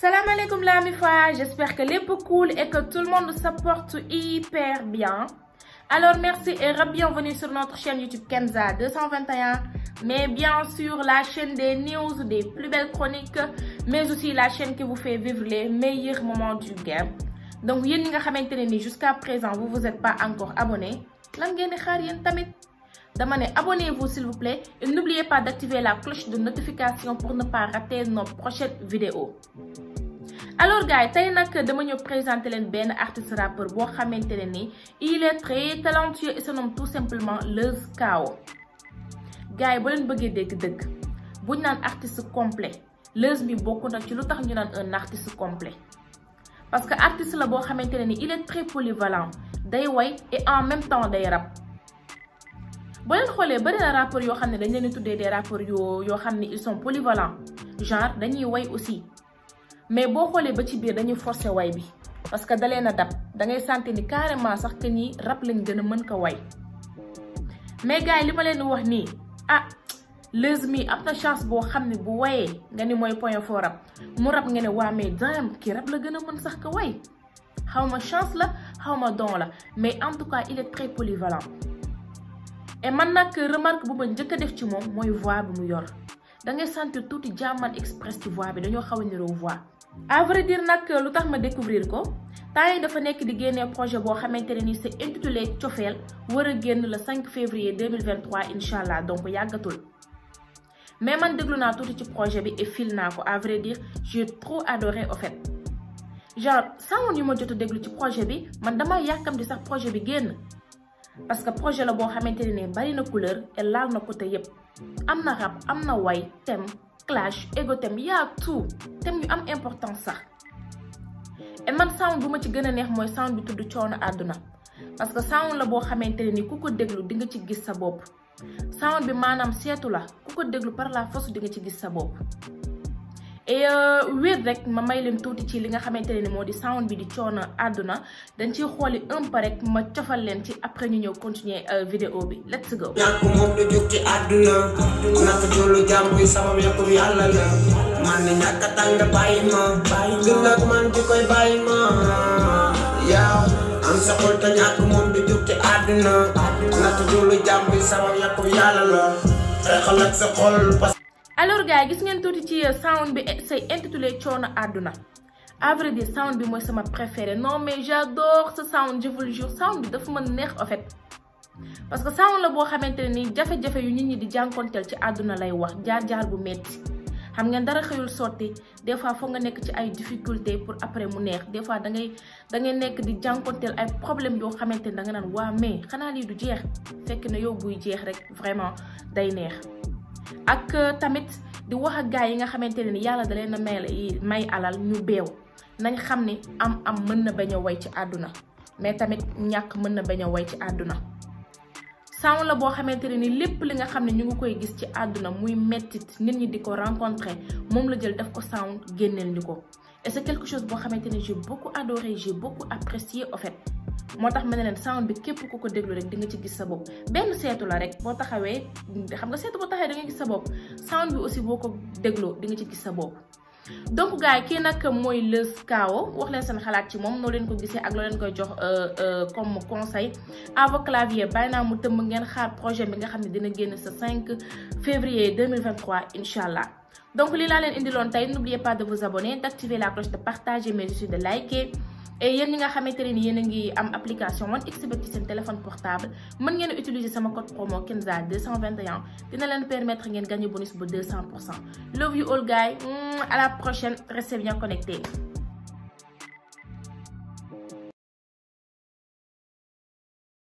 Salam alaikum la mifa, j'espère que les cool et que tout le monde se porte hyper bien. Alors merci et bienvenue sur notre chaîne YouTube Kenza 221, mais bien sûr la chaîne des news, des plus belles chroniques, mais aussi la chaîne qui vous fait vivre les meilleurs moments du game. Donc jusqu'à présent vous vous êtes pas encore abonné abonnez-vous s'il vous plaît et n'oubliez pas d'activer la cloche de notification pour ne pas rater nos prochaines vidéos alors gars yi tey nag dama ñëw présenter leen benn artiste rappeur boo xamante ne ni il est très talentueux et son nom tout simplement le Kao gars yi ba leen bëggee dégg dëgg buñ naan artiste complet Leuz bi bokk na ci lu tax ñu naan un artiste complet parce que artiste la boo xamante ne ni il est très polyvalent day way et en même temps day rap ba leen xoolee bëri na rappeurs yoo xam ne dañ leen di tuddee des rappeurs yoo yoo xam ils sont polyvalents genre dañuy way aussi mais boo xoolee ba ci biir dañuy forcer way bi parce que dalee na dab dangay ngay sentir ni carrément sax que ni rab lañ gën a mën ko way mais gars yi li ma leen wax nii ah Leuz mi am na chance boo xam ne bu wayee nga ni mooy point foo rap mu rap nga ne waa mais daam ki rap la gën a mën sax ko way xaw ma chance la xaw ma don la mais en tout cas il est très polyvalent et man nag remarque bu ma njëkk a def ci moom mooy voix bi mu yor da ngay sentir tuuti Jahman X ci bi dañoo xaw a niroo voix. à vrai nag lu tax ma découvrir ko temps dafa nekk di génne projet boo xamante ne ni c'est intitulé cofeel war a génn le 5 février 2023 incha allah donc yàggatul mais man déglu naa tuuti ci projet bi et fil naa ko à vrai dire j'ai trop adoré au fait genre yu ma jot a déglu ci projet bi man dama yàkkam di sax projet bi génn parce que projet la boo xamante ne ni bari na couleur et laal na côté yépp am na rap am na way thème clash ego thème yaa tout thème yu am importance sax et man sound bu ma ci gën a neex mooy sound bi tudd coono àdduna parce que sound la boo xamante ne ni ku ko déglu di nga ci gis sa bopp sound bi maanaam seetu la ku ko déglu par la force di nga ci gis sa bopp et euh, wéet rek ma may leen tuuti ci li nga xamante ne moo di sound bi di coono àdduna dañ ci xooli un peu rek ma cofal leen ci après ñu ñëw continuer euh, vidéo bi let's go. ñàkk moom la jóg ci àdduna naka jollu jàmm bi sama yàqu bi yàlla la man ne a tàng sa xol te alors gars vous avez ngeen euh, sound eh, intitulé Aduna à vrai sound bi préféré non mais j'adore ce sound je vous le jure sound bi en fait parce que sound la le ni jafé jafé yu nit ñi di jankontel ci aduna lay wax jaar-jaar bu metti xam ngeen dara xeyul des fois fo nga ci difficulté pour après mu neex des fois da ngay da ngay di problème nga mais xana li du jeex fekk na yow rek vraiment day neex. ak euh, tamit di wax yi nga xamante ne ni yàlla da leen a may may alal ñu beew nañ xam ni am am mën na bañ a woy ci àdduna mais tamit ñàkk mën na bañ a woy ci àdduna son la boo xamante ne ni lépp li nga xam ne ñu ngi koy gis ci àdduna muy mettit nit ñi di ko rencontre moom la jël daf ko sound génneel ñu ko et c'est quelque chose boo xamante ni j'ai beaucoup adoré j'ai beaucoup apprécié en moo tax ma ne leen sa sound bi képp ku ko déglu rek di nga ci gis sa bopp benn seetu la rek boo taxawee xam nga seetu boo taxawee da gis sa bopp sound bi aussi boo ko dégloo di nga ci gis sa bopp. donc gars yi kii nag mooy Leuz Kao wax leen seen xalaat ci moom noo leen ko gisee ak leen koy jox euh, euh, comme conseil à vos claviers bàyyi naa ngeen xaar projet bi nga xam ne dina génn sa 5 février 2023 incha allah. donc lii laa leen indiloon tey n'oubliez pas de vous abonner d'activer la cloche de partager mais aussi de liker. et yéen ñi nga xamante ni yéen ngi am application téléphone portable mën ngeen utiliser sama code promo Kenza 221 dina leen permettre ngeen gagner bonus de 200 love you all guys à la prochaine restez bien connectés